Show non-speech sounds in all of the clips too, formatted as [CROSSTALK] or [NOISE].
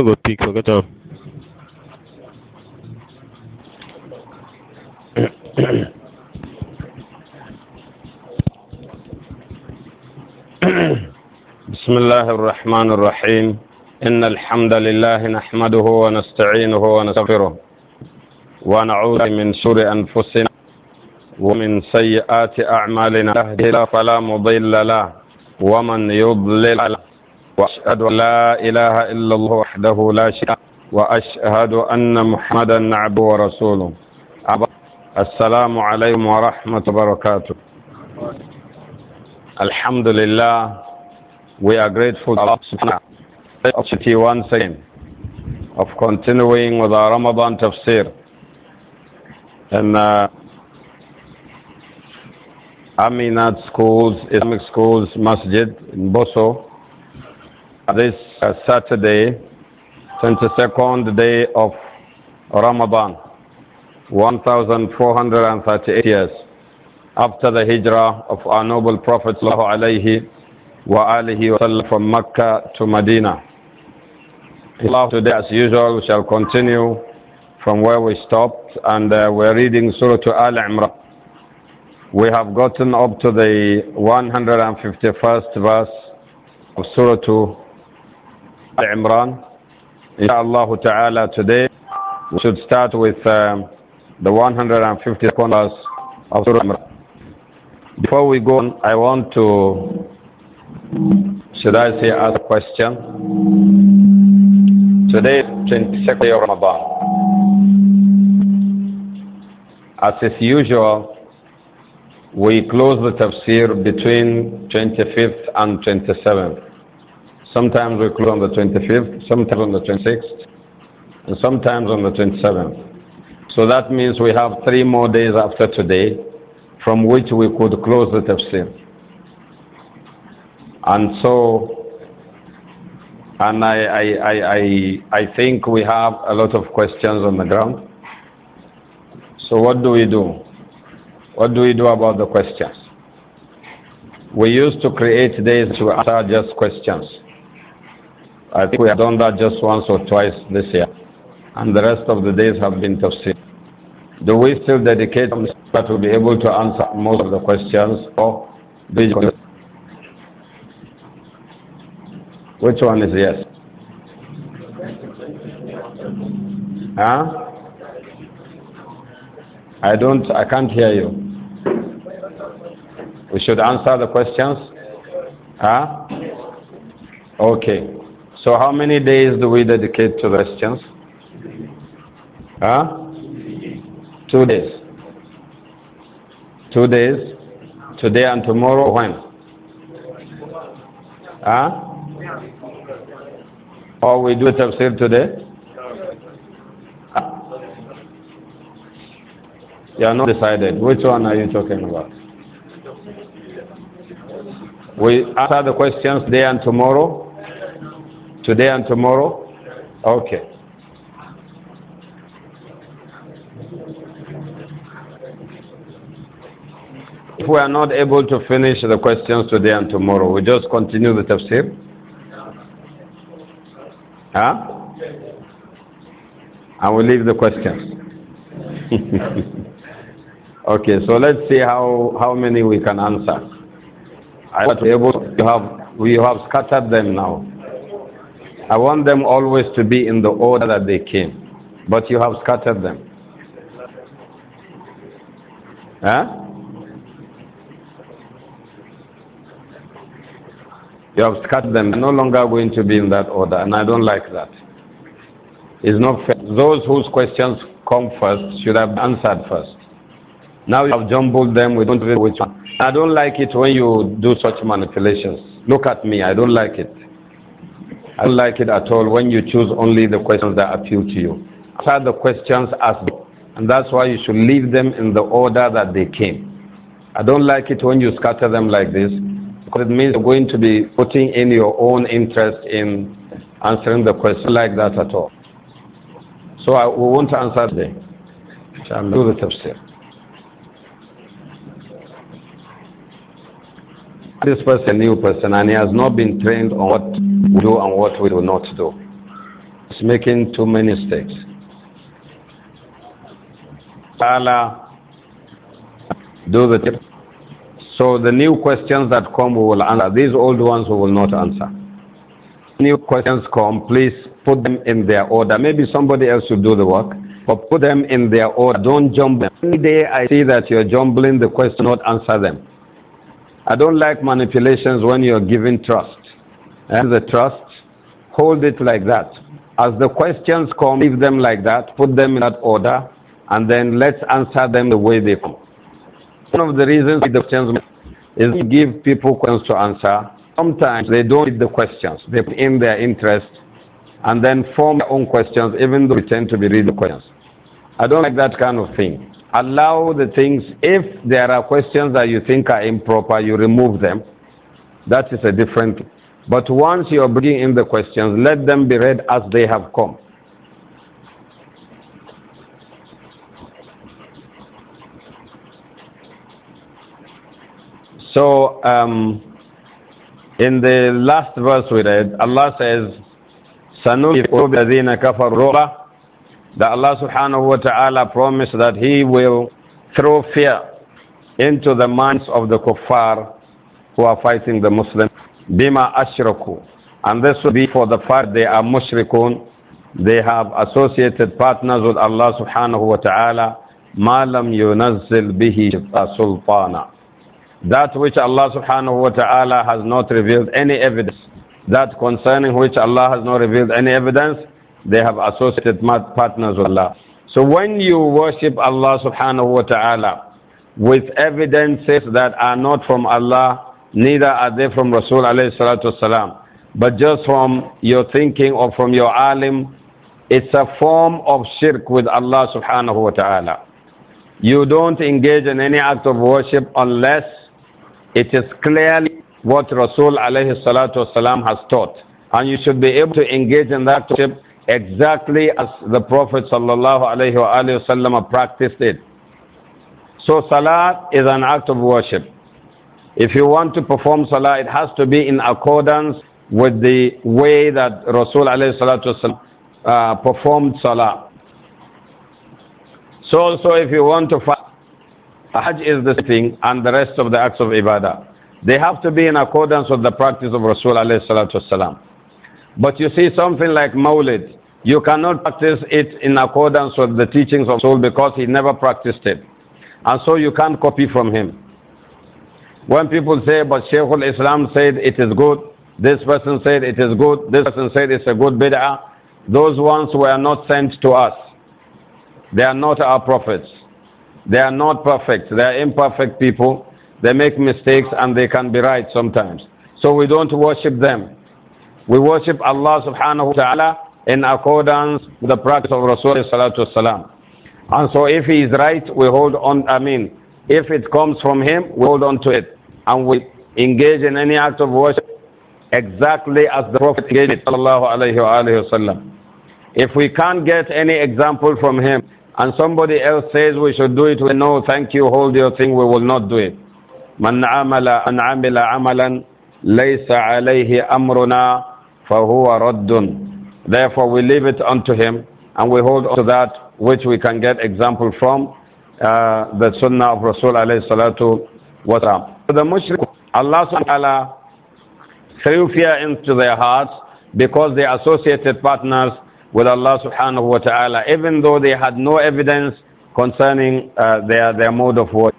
ببيك فقط اه بسم الله الرحمن الرحيم إن الحمد لله نحمده ونستعينه ونستغفره ونعوذ من شر أنفسنا ومن سيئات أعمالنا يهده فلا مضل له ومن يضلل له وأشهد أن لا إله إلا الله وحده لا شريك وأشهد أن محمدا عبده ورسوله السلام عليكم ورحمة وبركاته لله we are grateful to Allah subhanahu wa ta'ala once again of continuing with our Ramadan tafsir and uh, Aminat schools, Islamic schools, Masjid in Boso this uh, Saturday, 22nd day of Ramadan, 1438 years after the hijrah of our noble Prophet alayhi wa alihi wa from Mecca to Medina. today, as usual, we shall continue from where we stopped and uh, we're reading Surah Al Imran. We have gotten up to the 151st verse of Surah Imran. Insha'Allah ta'ala today we should start with um, the 150 verse of Surah Imran. Before we go on, I want to, should I say, ask a question? Today is 22nd day of Ramadan. As is usual, we close the tafsir between 25th and 27th. Sometimes we close on the 25th, sometimes on the 26th, and sometimes on the 27th. So that means we have three more days after today from which we could close the tafsir. And so, and I, I, I, I, think we have a lot of questions on the ground. So what do we do? What do we do about the questions? We used to create days to answer just questions. I think we have done that just once or twice this year. And the rest of the days have been tafsir. Do we still dedicate ourselves to be able to answer most of the questions or Which one is yes? Huh? I don't I can't hear you. We should answer the questions? Huh? Okay. So how many days do we dedicate to Christians? Huh? Two days. Two days. Today and tomorrow when? Huh? Or oh, we do tafsir today? You are not decided. Which one are you talking about? We answer the questions today and tomorrow. Today and tomorrow? Okay. If we are not able to finish the questions today and tomorrow, we just continue the tafsir? Huh? I will leave the questions. [LAUGHS] Okay, so let's see how, how many we can answer. I was able to have we have scattered them now. I want them always to be in the order that they came. But you have scattered them. Huh? You have scattered them. They're no longer going to be in that order, and I don't like that. It's not fair. Those whose questions come first should have answered first. Now you have jumbled them. We don't know which one. I don't like it when you do such manipulations. Look at me. I don't like it. I don't like it at all when you choose only the questions that appeal to you. Answer the questions as and that's why you should leave them in the order that they came. I don't like it when you scatter them like this because it means you're going to be putting in your own interest in answering the question like that at all. So I, we won't answer today. do the tafsir. This person, a new person, and he has not been trained on what do and what we do not do. It's making too many mistakes. Allah, do the So the new questions that come, we will answer. These old ones, we will not answer. New questions come, please put them in their order. Maybe somebody else should do the work, but put them in their order. Don't jumble them. Any day I see that you're jumbling the question, not answer them. I don't like manipulations when you're giving trust and the trust, hold it like that. As the questions come, leave them like that, put them in that order, and then let's answer them the way they come. One of the reasons the questions is to give people questions to answer. Sometimes they don't read the questions, they put in their interest and then form their own questions, even though they tend to be reading questions. I don't like that kind of thing. Allow the things, if there are questions that you think are improper, you remove them. That is a different but once you are bringing in the questions, let them be read as they have come. So, um, in the last verse we read, Allah says, that Allah subhanahu wa ta'ala promised that He will throw fear into the minds of the kuffar who are fighting the Muslims. Bima ashraku. And this will be for the fact they are mushrikun. They have associated partners with Allah subhanahu wa ta'ala. Ma lam yunazzil bihi sultana. That which Allah subhanahu wa ta'ala has not revealed any evidence. That concerning which Allah has not revealed any evidence, they have associated partners with Allah. So when you worship Allah subhanahu wa ta'ala with evidences that are not from Allah, neither are they from Rasul alayhi salatu wasalam, but just from your thinking or from your alim, it's a form of shirk with Allah subhanahu wa ta'ala. You don't engage in any act of worship unless it is clearly what Rasul alayhi salatu wasalam has taught. And you should be able to engage in that worship exactly as the Prophet sallallahu alayhi wa practiced it. So salat is an act of worship. If you want to perform salah, it has to be in accordance with the way that Rasul uh, performed salah. So also if you want to fast, Hajj is the thing and the rest of the acts of ibadah. They have to be in accordance with the practice of Rasul But you see something like Mawlid, you cannot practice it in accordance with the teachings of Rasul because he never practiced it. And so you can't copy from him. When people say, but Shaykhul Islam said it is good, this person said it is good, this person said it's a good bid'ah, those ones were not sent to us. They are not our prophets. They are not perfect. They are imperfect people. They make mistakes and they can be right sometimes. So we don't worship them. We worship Allah subhanahu wa ta'ala in accordance with the practice of Rasulullah salatu And so if he is right, we hold on, I mean, if it comes from him, we hold on to it and will engage in any act of worship exactly as the Prophet did. If we can't get any example from him and somebody else says we should do it, we know, thank you, hold your thing, we will not do it. من عمل أن عمل عملا ليس عليه أمرنا فهو رد Therefore we leave it unto him and we hold on to that which we can get example from uh, the Sunnah of Rasul Allah water. So the mushrik, Allah subhanahu wa ta'ala threw fear into their hearts because they associated partners with Allah subhanahu wa ta'ala, even though they had no evidence concerning uh, their, their mode of worship.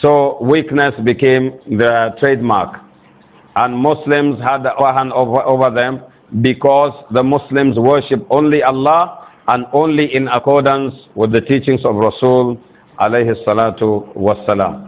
So weakness became their trademark. And Muslims had the upper hand over, over them because the Muslims worship only Allah and only in accordance with the teachings of Rasul alayhi salatu wassalam.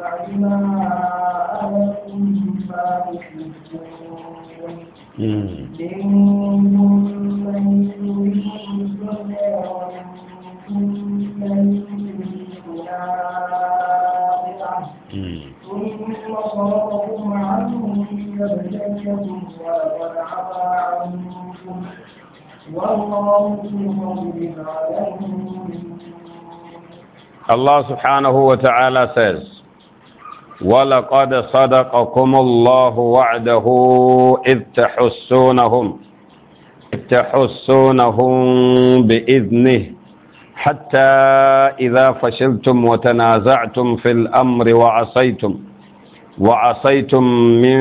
فبما أردتم فاتحون منكم من يريد الدنيا ومنكم من يريد الآخرة ثم صرفكم عنهم ليبتليكم ويضعف عنكم والله ذو فضل على المؤمنين Allah subhanahu wa ta'ala says, ولقد صدقكم الله وعده إذ تحسونهم إذ تحسونهم بإذنه حتى إذا فشلتم وتنازعتم في الأمر وعصيتم وعصيتم من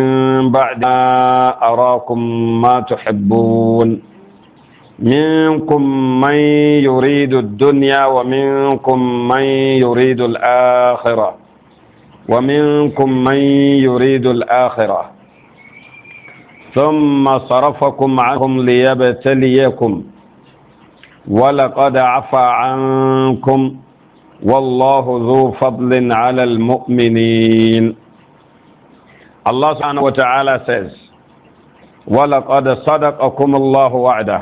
بعد ما أراكم ما تحبون منكم من يريد الدنيا ومنكم من يريد الآخرة ومنكم من يريد الآخرة ثم صرفكم عنهم ليبتليكم ولقد عفى عنكم والله ذو فضل على المؤمنين الله سبحانه وتعالى says وَلَقَدْ صَدَقَكُمُ اللَّهُ وَعْدَهُ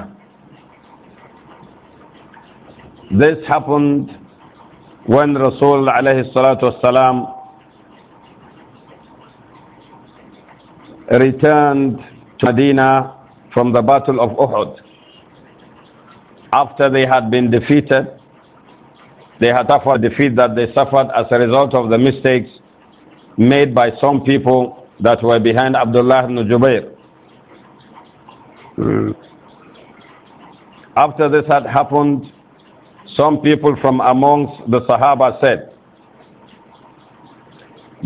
This happened when Rasul alayhi salatu wasalam returned to Medina from the Battle of Uhud. After they had been defeated, they had suffered defeat that they suffered as a result of the mistakes made by some people that were behind Abdullah ibn Jubair. Mm. After this had happened, some people from amongst the Sahaba said,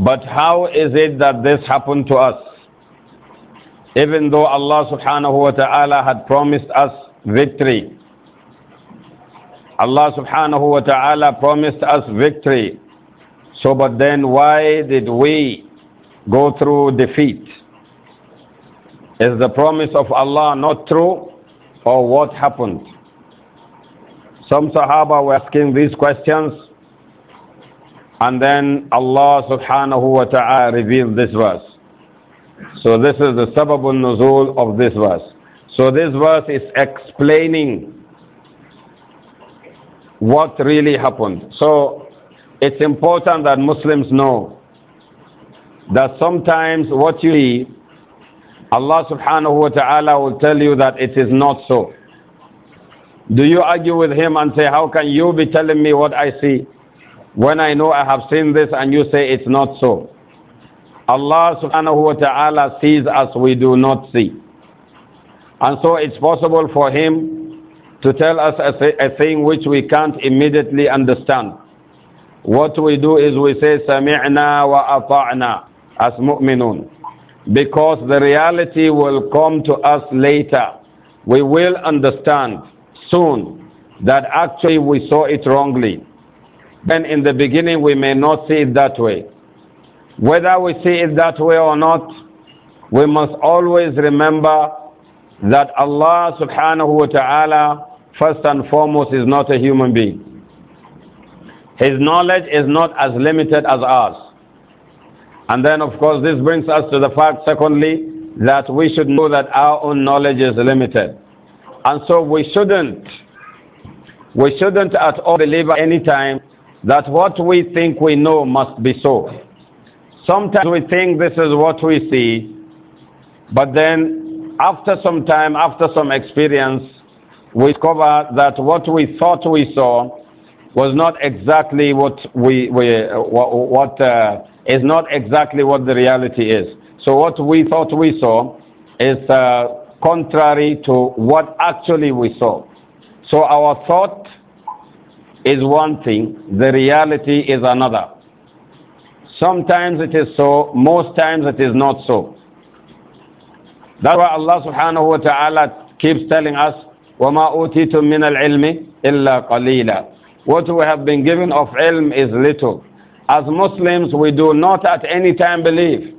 But how is it that this happened to us? even though Allah subhanahu wa ta'ala had promised us victory. Allah subhanahu wa ta'ala promised us victory. So, but then why did we go through defeat? Is the promise of Allah not true or what happened? Some Sahaba were asking these questions and then Allah subhanahu wa ta'ala revealed this verse. So this is the sababun nuzul of this verse. So this verse is explaining what really happened. So it's important that Muslims know that sometimes what you see, Allah subhanahu wa ta'ala will tell you that it is not so. Do you argue with him and say, How can you be telling me what I see when I know I have seen this and you say it's not so? Allah subhanahu wa ta'ala sees as we do not see. And so it's possible for him to tell us a, th a thing which we can't immediately understand. What we do is we say, Sami'na wa ata'na as mu'minun. Because the reality will come to us later. We will understand soon that actually we saw it wrongly. Then in the beginning we may not see it that way. Whether we see it that way or not, we must always remember that Allah subhanahu wa ta'ala, first and foremost, is not a human being. His knowledge is not as limited as ours. And then, of course, this brings us to the fact, secondly, that we should know that our own knowledge is limited. And so we shouldn't, we shouldn't at all believe at any time that what we think we know must be so. Sometimes we think this is what we see, but then after some time, after some experience, we discover that what we thought we saw was not exactly what we, we what uh, is not exactly what the reality is. So what we thought we saw is uh, contrary to what actually we saw. So our thought is one thing, the reality is another. Sometimes it is so, most times it is not so. That's why Allah subhanahu wa ta'ala keeps telling us, وَمَا أُوتِيتُم مِّنَ الْعِلْمِ إِلَّا قَلِيلًا What we have been given of ilm is little. As Muslims, we do not at any time believe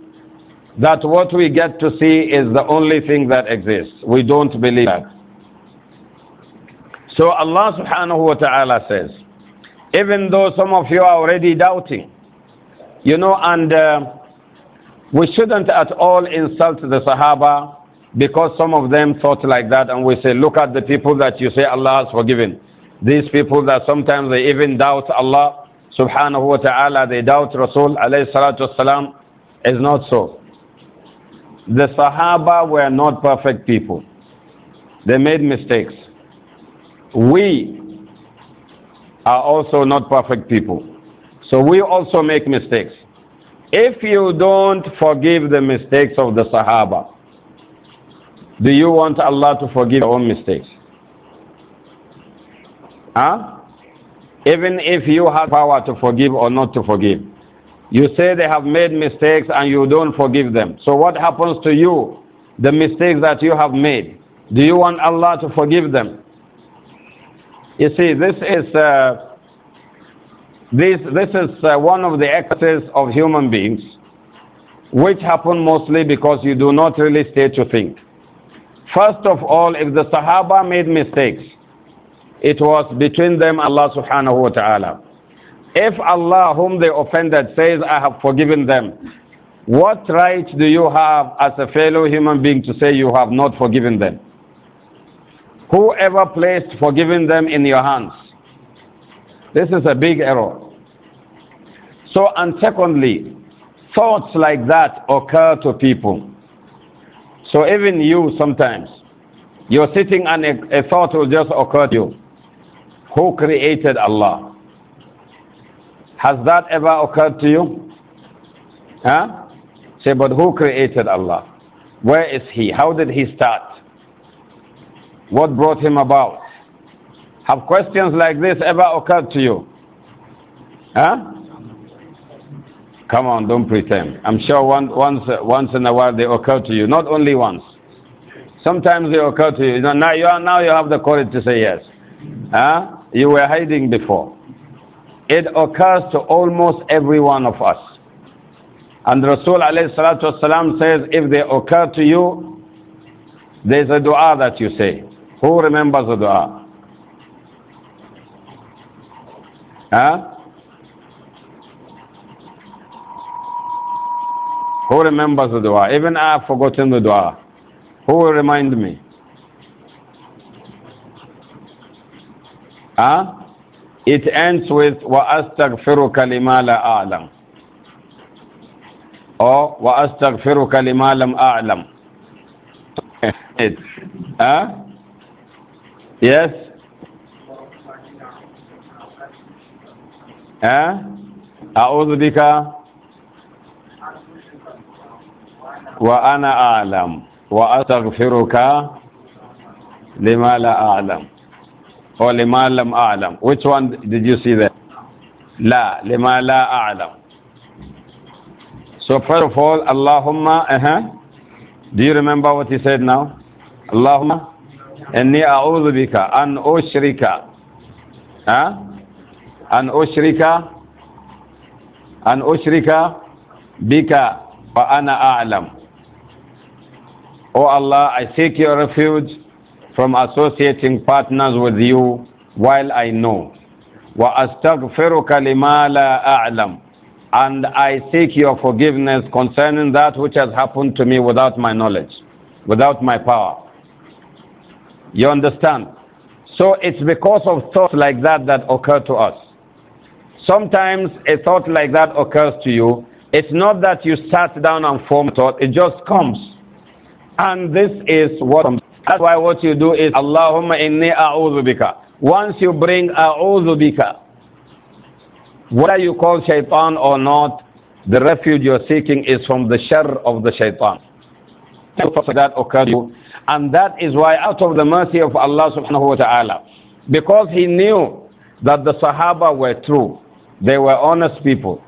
that what we get to see is the only thing that exists. We don't believe that. So Allah subhanahu wa ta'ala says, even though some of you are already doubting, you know, and uh, we shouldn't at all insult the Sahaba because some of them thought like that, and we say, look at the people that you say Allah has forgiven. These people that sometimes they even doubt Allah subhanahu wa ta'ala, they doubt Rasul alayhi salatu wasalam, is not so. The Sahaba were not perfect people. They made mistakes. We are also not perfect people. So we also make mistakes. If you don't forgive the mistakes of the Sahaba, do you want Allah to forgive your own mistakes? Huh? Even if you have power to forgive or not to forgive. You say they have made mistakes and you don't forgive them. So what happens to you? The mistakes that you have made. Do you want Allah to forgive them? You see, this is... Uh, this, this is uh, one of the excesses of human beings, which happen mostly because you do not really stay to think. First of all, if the Sahaba made mistakes, it was between them Allah subhanahu wa ta'ala. If Allah, whom they offended, says, I have forgiven them, what right do you have as a fellow human being to say you have not forgiven them? Whoever placed forgiving them in your hands, this is a big error. So, and secondly, thoughts like that occur to people. So even you sometimes, you're sitting and a, a thought will just occur to you. Who created Allah? Has that ever occurred to you? Huh? Say, but who created Allah? Where is He? How did He start? What brought Him about? Have questions like this ever occurred to you? Huh? Come on, don't pretend. I'm sure one, once, once in a while they occur to you. Not only once. Sometimes they occur to you. now, you are, now you have the courage to say yes. Huh? You were hiding before. It occurs to almost every one of us. And Rasul والسلام, says, if they occur to you, there's a dua that you say. Who remembers the dua? Huh? Who remembers the dua? Even I have forgotten the dua. Who will remind me? Ah? Huh? It ends with wa لِمَا لَا a'lam. or wa لِمَا لَمْ أَعْلَمُ it. Huh? Yes? Huh? أعوذ وأنا أعلم وأستغفرك لما لا أعلم أو لما لم أعلم which one did you see there لا لما لا أعلم so first of all اللهم uh -huh. do you remember what he said now اللهم إني أعوذ بك أن أشرك ها أن أشرك أن أشرك بك وأنا أعلم O oh Allah, I seek your refuge from associating partners with you while I know. astaghfiruka lima la alam, And I seek your forgiveness concerning that which has happened to me without my knowledge, without my power. You understand? So it's because of thoughts like that that occur to us. Sometimes a thought like that occurs to you. It's not that you sat down and formed thought, it just comes. And this is what that's why what you do is Allahumma inni a'udhu Once you bring a'udhu whether you call shaitan or not, the refuge you're seeking is from the shar of the shaitan. That occurred you. And that is why out of the mercy of Allah subhanahu wa ta'ala, because he knew that the Sahaba were true, they were honest people,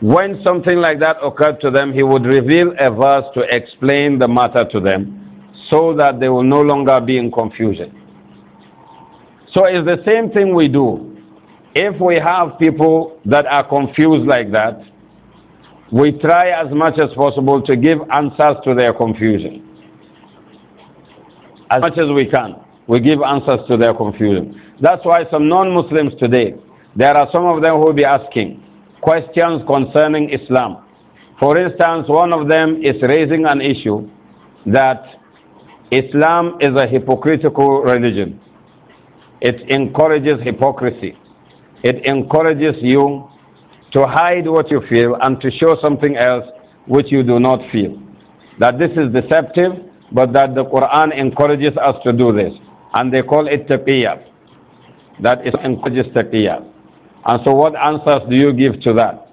when something like that occurred to them, he would reveal a verse to explain the matter to them so that they will no longer be in confusion. So it's the same thing we do. If we have people that are confused like that, we try as much as possible to give answers to their confusion. As much as we can, we give answers to their confusion. That's why some non Muslims today, there are some of them who will be asking, questions concerning Islam. For instance, one of them is raising an issue that Islam is a hypocritical religion. It encourages hypocrisy. It encourages you to hide what you feel and to show something else which you do not feel. That this is deceptive, but that the Quran encourages us to do this. And they call it taqiyya. That it encourages taqiyya. And so, what answers do you give to that?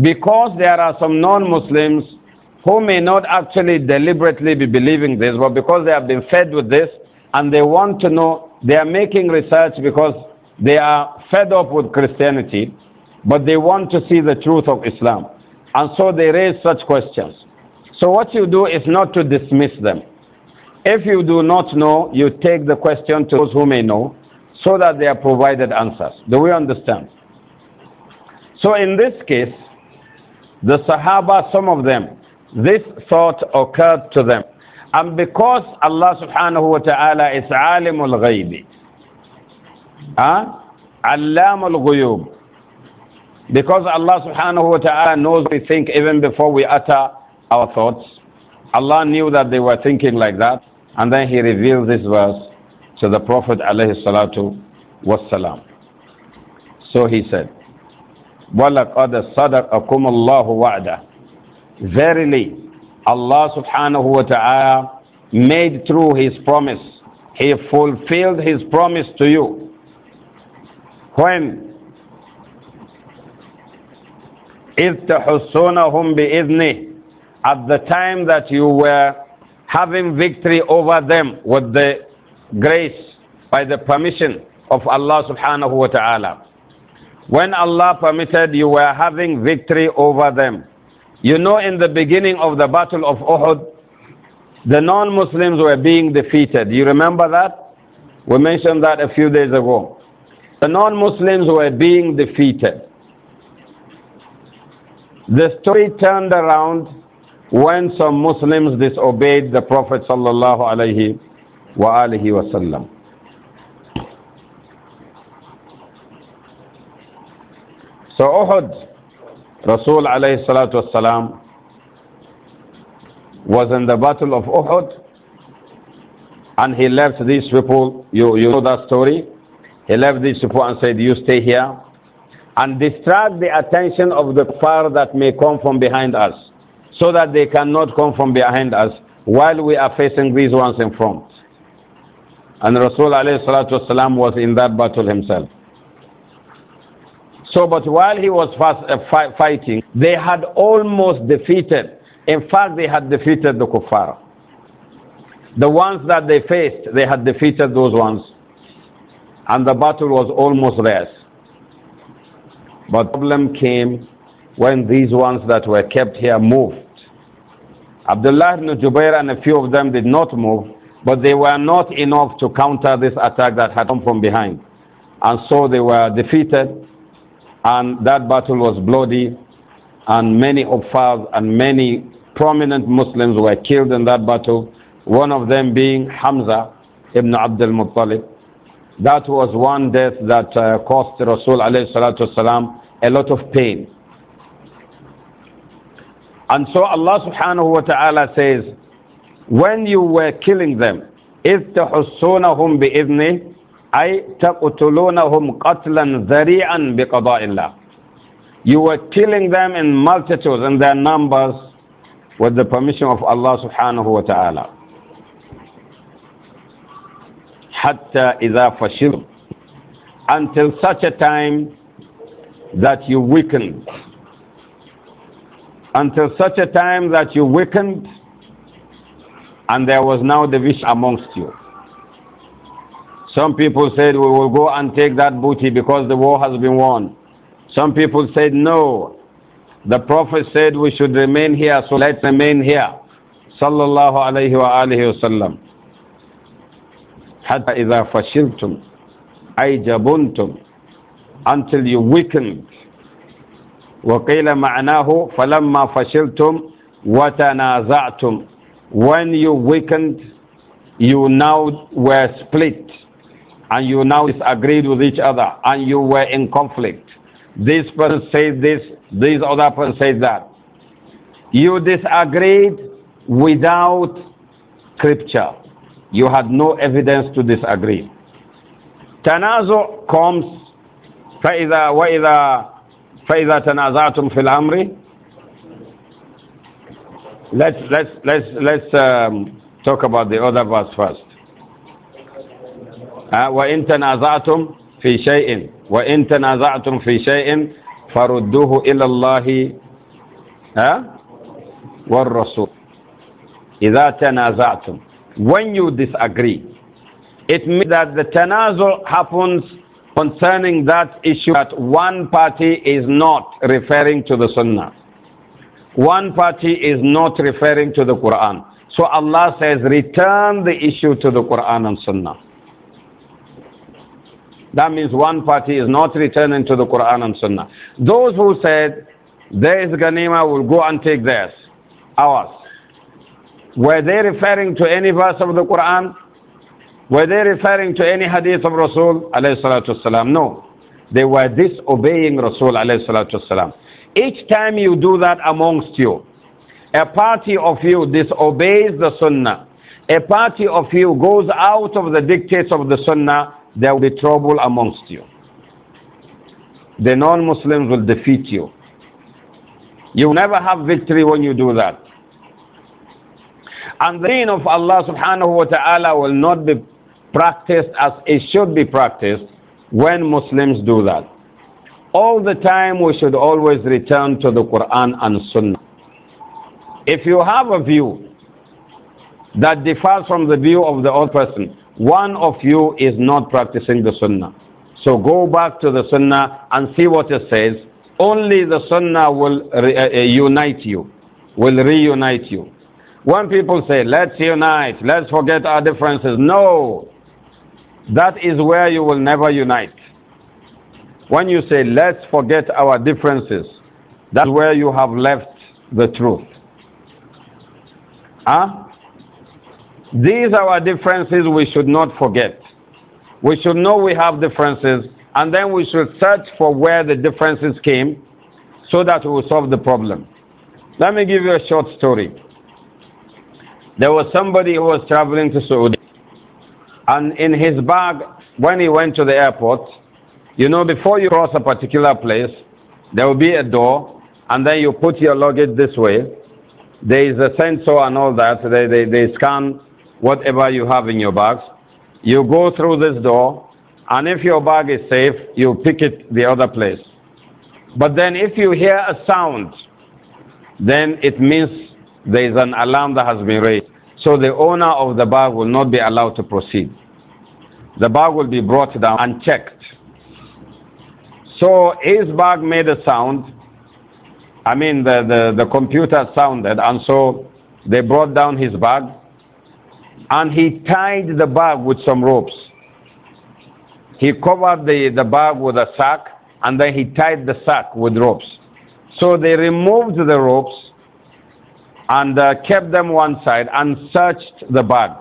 Because there are some non Muslims who may not actually deliberately be believing this, but because they have been fed with this and they want to know, they are making research because they are fed up with Christianity, but they want to see the truth of Islam. And so they raise such questions. So, what you do is not to dismiss them. If you do not know, you take the question to those who may know so that they are provided answers. Do we understand? So in this case, the Sahaba, some of them, this thought occurred to them. And because Allah subhanahu wa ta'ala is alimul ghaybi, huh? Ah, ghuyub, because Allah subhanahu wa ta'ala knows we think even before we utter our thoughts, Allah knew that they were thinking like that, and then He revealed this verse to the Prophet alayhi salatu wassalam. So he said, وَلَقَدْ صَدَقَكُمُ اللَّهُ وَعْدَهُ Verily, Allah subhanahu wa ta'ala made true His promise. He fulfilled His promise to you. When إِذْ تَحُسُّونَهُمْ بِإِذْنِهِ At the time that you were having victory over them with the grace by the permission of Allah subhanahu wa ta'ala. When Allah permitted, you were having victory over them. You know, in the beginning of the Battle of Uhud, the non Muslims were being defeated. You remember that? We mentioned that a few days ago. The non Muslims were being defeated. The story turned around when some Muslims disobeyed the Prophet sallallahu alaihi وآله وسلم So Uhud, Rasul alayhi salatu wasalam, was in the battle of Uhud and he left these people, you, you know that story, he left these people and said, you stay here and distract the attention of the fire that may come from behind us so that they cannot come from behind us while we are facing these ones in front. And Rasul والسلام, was in that battle himself. So, but while he was fast, uh, fi fighting, they had almost defeated. In fact, they had defeated the kuffar. The ones that they faced, they had defeated those ones. And the battle was almost theirs. But the problem came when these ones that were kept here moved. Abdullah ibn Jubair and a few of them did not move but they were not enough to counter this attack that had come from behind. And so they were defeated, and that battle was bloody, and many Uffaz and many prominent Muslims were killed in that battle, one of them being Hamza ibn Abdul Muttalib. That was one death that uh, cost Rasul والسلام, a lot of pain. And so Allah subhanahu wa ta'ala says, when you were killing them, إِذْ تَحُسُّونَهُمْ بِإِذْنِهِ أي تقتلونهم قتلا ذريعا بقضاء الله You were killing them in multitudes and their numbers with the permission of Allah subhanahu wa ta'ala. حتى إذا فشلتم Until such a time that you weakened. Until such a time that you weakened and there was now the wish amongst you. Some people said, we will go and take that booty because the war has been won. Some people said, no. The Prophet said we should remain here, so let's remain here. Sallallahu alayhi wa alihi wasallam. حتى إذا فشلتم أي جبنتم until you weakened وقيل معناه فلما فشلتم watanazatum when you weakened, you now were split and you now disagreed with each other and you were in conflict. This person says this, this other person says that. You disagreed without scripture. You had no evidence to disagree. Tanazu comes فإذا وإذا فإذا تنازعتم في الأمر Let's let's let's let's um, talk about the other verse first. وإن تنازعتم في شيء وإن تنازعتم في شيء فردوه إلى الله والرسول إذا تنازعتم when you disagree it means that the tanazul happens concerning that issue that one party is not referring to the sunnah one party is not referring to the Quran. So Allah says, return the issue to the Quran and Sunnah. That means one party is not returning to the Quran and Sunnah. Those who said, there is Ghanima, will go and take theirs, ours. Were they referring to any verse of the Quran? Were they referring to any hadith of Rasul? No. They were disobeying Rasul. Each time you do that amongst you, a party of you disobeys the sunnah, a party of you goes out of the dictates of the sunnah, there will be trouble amongst you. The non Muslims will defeat you. You never have victory when you do that. And the reign of Allah subhanahu wa ta'ala will not be practiced as it should be practiced when Muslims do that all the time we should always return to the Quran and Sunnah. If you have a view that differs from the view of the old person, one of you is not practicing the Sunnah. So go back to the Sunnah and see what it says. Only the Sunnah will re- uh, uh unite you, will reunite you. When people say, let's unite, let's forget our differences, no. That is where you will never unite. When you say, let's forget our differences, that's where you have left the truth. Huh? These are our differences we should not forget. We should know we have differences, and then we should search for where the differences came so that we will solve the problem. Let me give you a short story. There was somebody who was traveling to Saudi, and in his bag, when he went to the airport, you know, before you cross a particular place, there will be a door, and then you put your luggage this way. There is a sensor and all that. They, they, they scan whatever you have in your bags. You go through this door, and if your bag is safe, you pick it the other place. But then if you hear a sound, then it means there is an alarm that has been raised. So the owner of the bag will not be allowed to proceed. The bag will be brought down and checked. So his bag made a sound. I mean, the, the, the computer sounded, and so they brought down his bag, and he tied the bag with some ropes. He covered the, the bag with a sack, and then he tied the sack with ropes. So they removed the ropes and uh, kept them one side and searched the bag.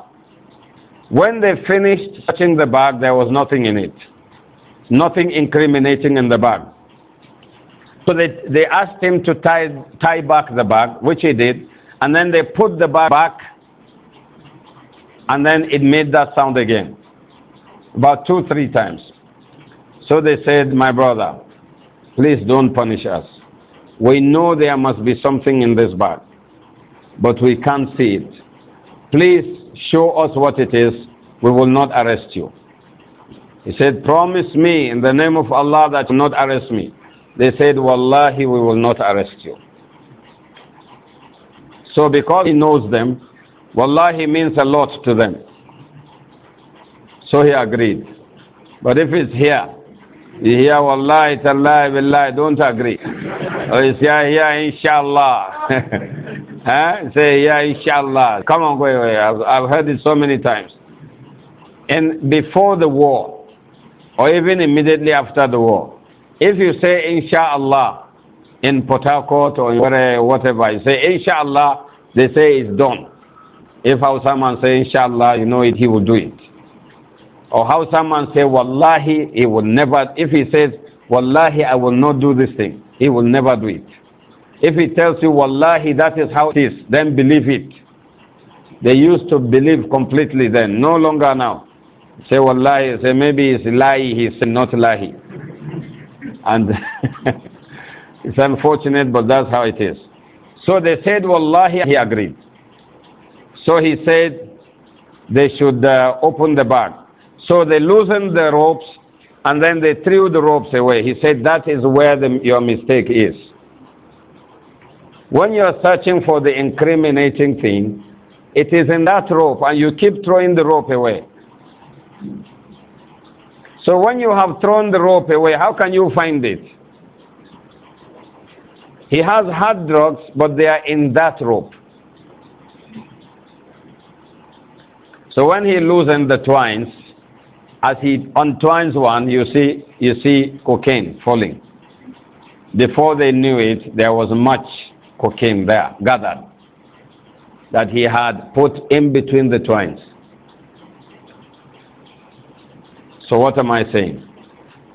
When they finished searching the bag, there was nothing in it. Nothing incriminating in the bag. So they, they asked him to tie, tie back the bag, which he did, and then they put the bag back, and then it made that sound again, about two, three times. So they said, My brother, please don't punish us. We know there must be something in this bag, but we can't see it. Please show us what it is. We will not arrest you. He said, Promise me in the name of Allah that you will not arrest me. They said, Wallahi, we will not arrest you. So because he knows them, Wallahi means a lot to them. So he agreed. But if it's here, you hear Wallahi, Tallahi, Billahi, don't agree. or you say, yeah, Inshallah. [LAUGHS] huh? Say, yeah, Inshallah. Come on, go away. I've, I've heard it so many times. And before the war, or even immediately after the war. If you say inshallah in Port or whatever, you say inshallah, they say it's done. If how someone say inshallah, you know it, he will do it. Or how someone say wallahi, he will never, if he says wallahi, I will not do this thing, he will never do it. If he tells you wallahi, that is how it is, then believe it. They used to believe completely then, no longer now. Say wallahi, say maybe it's lie, he said not lie. And [LAUGHS] it's unfortunate, but that's how it is. So they said wallahi, he agreed. So he said they should uh, open the bag. So they loosened the ropes and then they threw the ropes away. He said that is where the, your mistake is. When you are searching for the incriminating thing, it is in that rope and you keep throwing the rope away. So when you have thrown the rope away, how can you find it? He has hard drugs, but they are in that rope. So when he loosens the twines, as he untwines one, you see, you see cocaine falling. Before they knew it, there was much cocaine there gathered that he had put in between the twines. So what am I saying?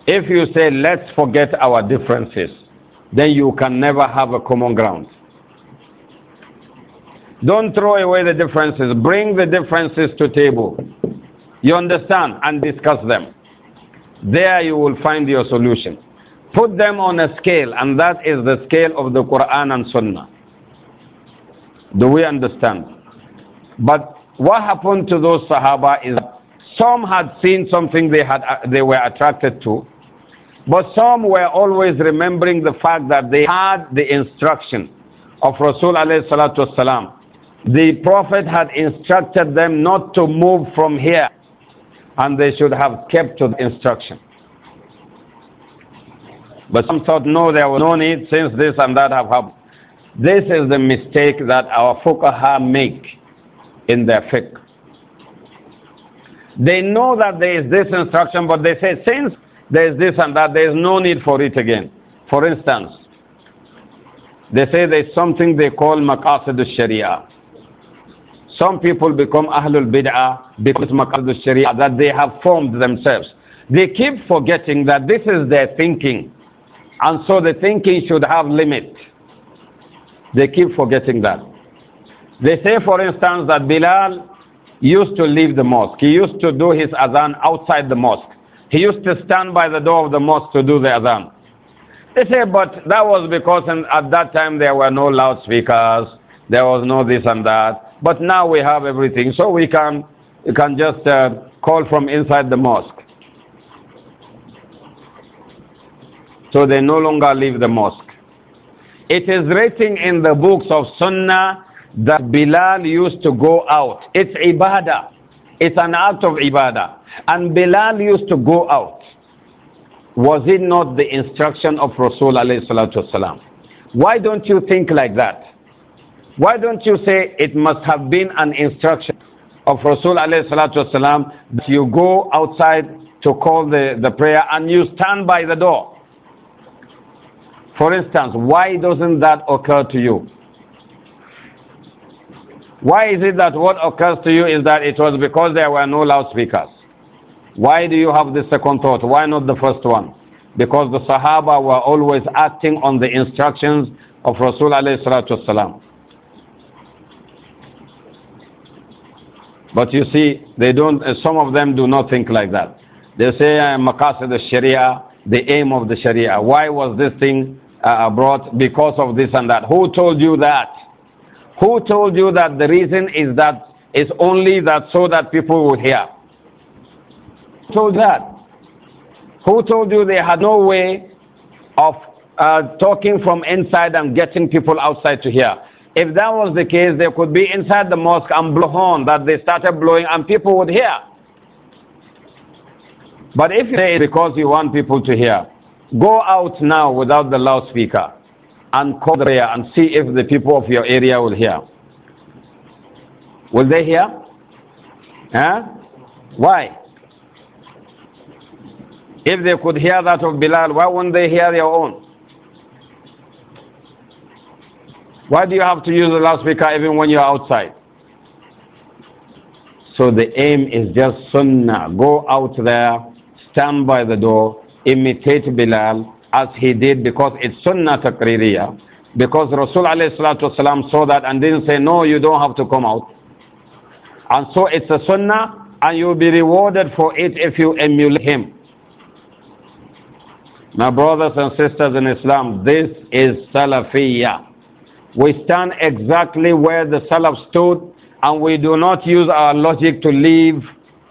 If you say, let's forget our differences, then you can never have a common ground. Don't throw away the differences. Bring the differences to table. You understand? And discuss them. There you will find your solution. Put them on a scale, and that is the scale of the Quran and Sunnah. Do we understand? But what happened to those Sahaba is some had seen something they, had, they were attracted to, but some were always remembering the fact that they had the instruction of Rasul alayhi salatu wasalam. The Prophet had instructed them not to move from here, and they should have kept to the instruction. But some thought, no, there was no need since this and that have happened. This is the mistake that our fuqaha make in their fiqh. They know that there is this instruction, but they say, since there is this and that, there is no need for it again. For instance, they say there is something they call maqasid al-sharia. Some people become ahlul bid'ah because maqasid al-sharia that they have formed themselves. They keep forgetting that this is their thinking. And so the thinking should have limit. They keep forgetting that. They say, for instance, that Bilal used to leave the mosque. He used to do his adhan outside the mosque. He used to stand by the door of the mosque to do the adhan. They say, but that was because in, at that time there were no loudspeakers, there was no this and that. But now we have everything, so we can, we can just uh, call from inside the mosque. So they no longer leave the mosque. It is written in the books of Sunnah that Bilal used to go out. It's ibadah. It's an act of ibadah. And Bilal used to go out. Was it not the instruction of Rasul alayhi Why don't you think like that? Why don't you say it must have been an instruction of Rasul alayhi that you go outside to call the, the prayer and you stand by the door? For instance, why doesn't that occur to you? Why is it that what occurs to you is that it was because there were no loudspeakers? Why do you have the second thought? Why not the first one? Because the Sahaba were always acting on the instructions of Rasul alayhi salatu wasalam. But you see, they don't, some of them do not think like that. They say, Maqasid the sharia the aim of the Sharia. Why was this thing uh, brought because of this and that? Who told you that? Who told you that the reason is that is only that so that people would hear? Who told that? Who told you they had no way of uh, talking from inside and getting people outside to hear? If that was the case, they could be inside the mosque and blow horn that they started blowing and people would hear. But if you say because you want people to hear, go out now without the loudspeaker and call the prayer and see if the people of your area will hear. Will they hear? Huh? Why? If they could hear that of Bilal, why wouldn't they hear their own? Why do you have to use the loudspeaker even when you're outside? So the aim is just sunnah. Go out there, stand by the door, imitate Bilal, as he did because it's sunnah taqririyah. Because Rasul والسلام, saw that and didn't say, no, you don't have to come out. And so it's a sunnah and you'll be rewarded for it if you emulate him. My brothers and sisters in Islam, this is Salafiyah. We stand exactly where the Salaf stood and we do not use our logic to leave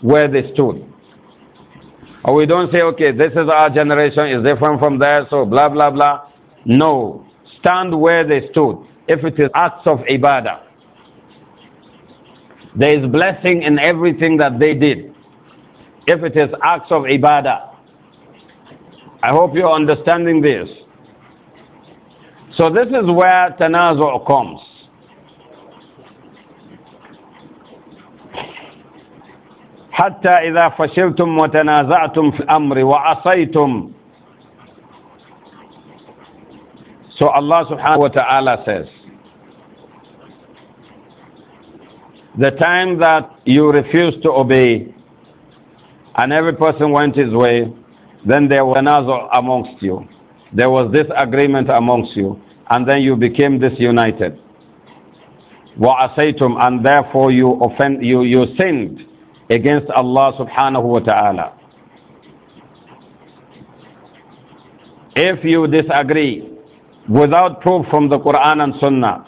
where they stood. Or we don't say, okay, this is our generation, is different from theirs, so blah, blah, blah. No. Stand where they stood. If it is acts of ibadah, there is blessing in everything that they did. If it is acts of ibadah, I hope you're understanding this. So this is where tanazu comes. حتى إذا فشلتم وتنازعتم في الأمر وعصيتم So Allah subhanahu wa ta'ala says, The time that you refused to obey and every person went his way, then there was another amongst you. There was disagreement amongst you, and then you became disunited. وَعَسَيْتُمْ And therefore you, offend, you, you sinned against Allah subhanahu wa ta'ala. If you disagree without proof from the Quran and Sunnah,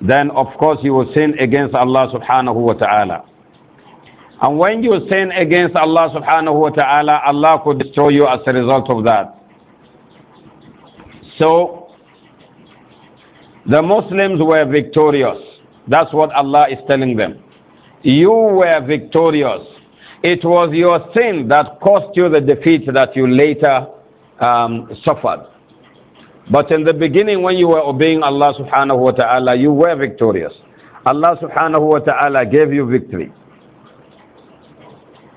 then of course you will sin against Allah subhanahu wa ta'ala. And when you sin against Allah subhanahu wa ta'ala, Allah could destroy you as a result of that. So, the Muslims were victorious. That's what Allah is telling them. You were victorious. It was your sin that cost you the defeat that you later um, suffered. But in the beginning, when you were obeying Allah subhanahu wa ta'ala, you were victorious. Allah subhanahu wa ta'ala gave you victory.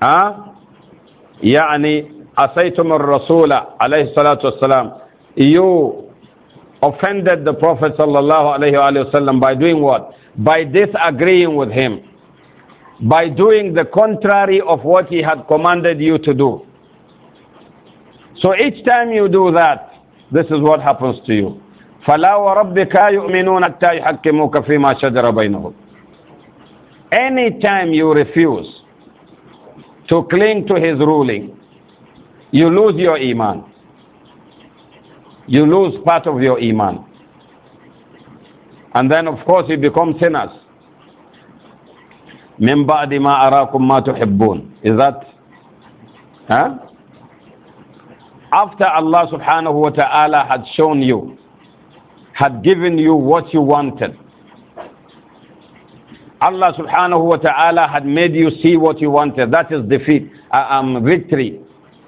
Huh? يعني أسيتم الرسول عليه الصلاة والسلام You offended the Prophet sallallahu alayhi wa by doing what? By disagreeing with him by doing the contrary of what he had commanded you to do. So each time you do that, this is what happens to you. فلا وربك يؤمنون يحكموك شجر بينهم. Any time you refuse to cling to his ruling, you lose your iman. You lose part of your iman. And then, of course, you become sinners. مِنْ بَعْدِ مَا أَرَاكُمْ مَا تُحِبُّونَ Is that? Huh? After Allah subhanahu wa ta'ala had shown you, had given you what you wanted, Allah subhanahu wa ta'ala had made you see what you wanted. That is defeat, uh, um, victory.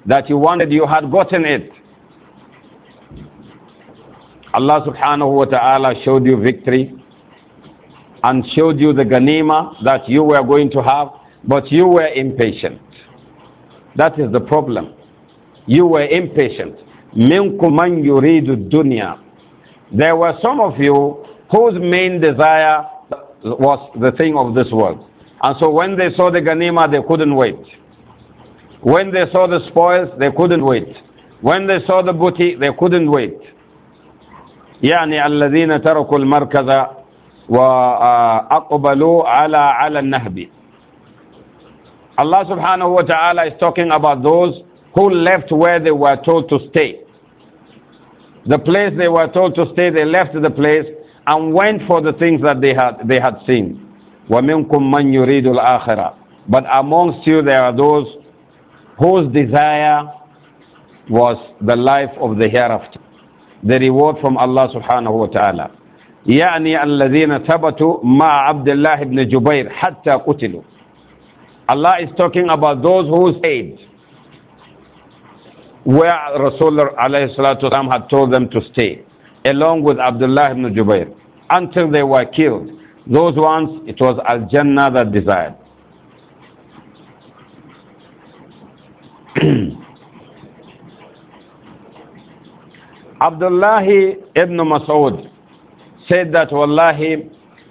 That you wanted, you had gotten it. Allah subhanahu wa ta'ala showed you victory and showed you the ganima that you were going to have, but you were impatient. That is the problem. You were impatient. dunya. There were some of you whose main desire was the thing of this world. And so when they saw the ganima, they couldn't wait. When they saw the spoils, they couldn't wait. When they saw the booty, they couldn't wait. يعني الذين تركوا المركز وَأَقْبَلُوا عَلَىٰ عَلَى النَّهْبِ Allah subhanahu wa ta'ala is talking about those who left where they were told to stay. The place they were told to stay, they left the place and went for the things that they had, they had seen. وَمِنْكُمْ مَنْ يُرِيدُ الْآخِرَةِ But amongst you there are those whose desire was the life of the hereafter, the reward from Allah subhanahu wa ta'ala. يعني الذين ثبتوا مع عبد الله بن جبير حتى قتلوا Allah is talking about those who stayed where Rasulullah had told them to stay along with Abdullah ibn Jubair until they were killed those ones it was Al-Jannah that desired [CLEARS THROAT] Abdullah ibn Mas'ud said that, Wallahi,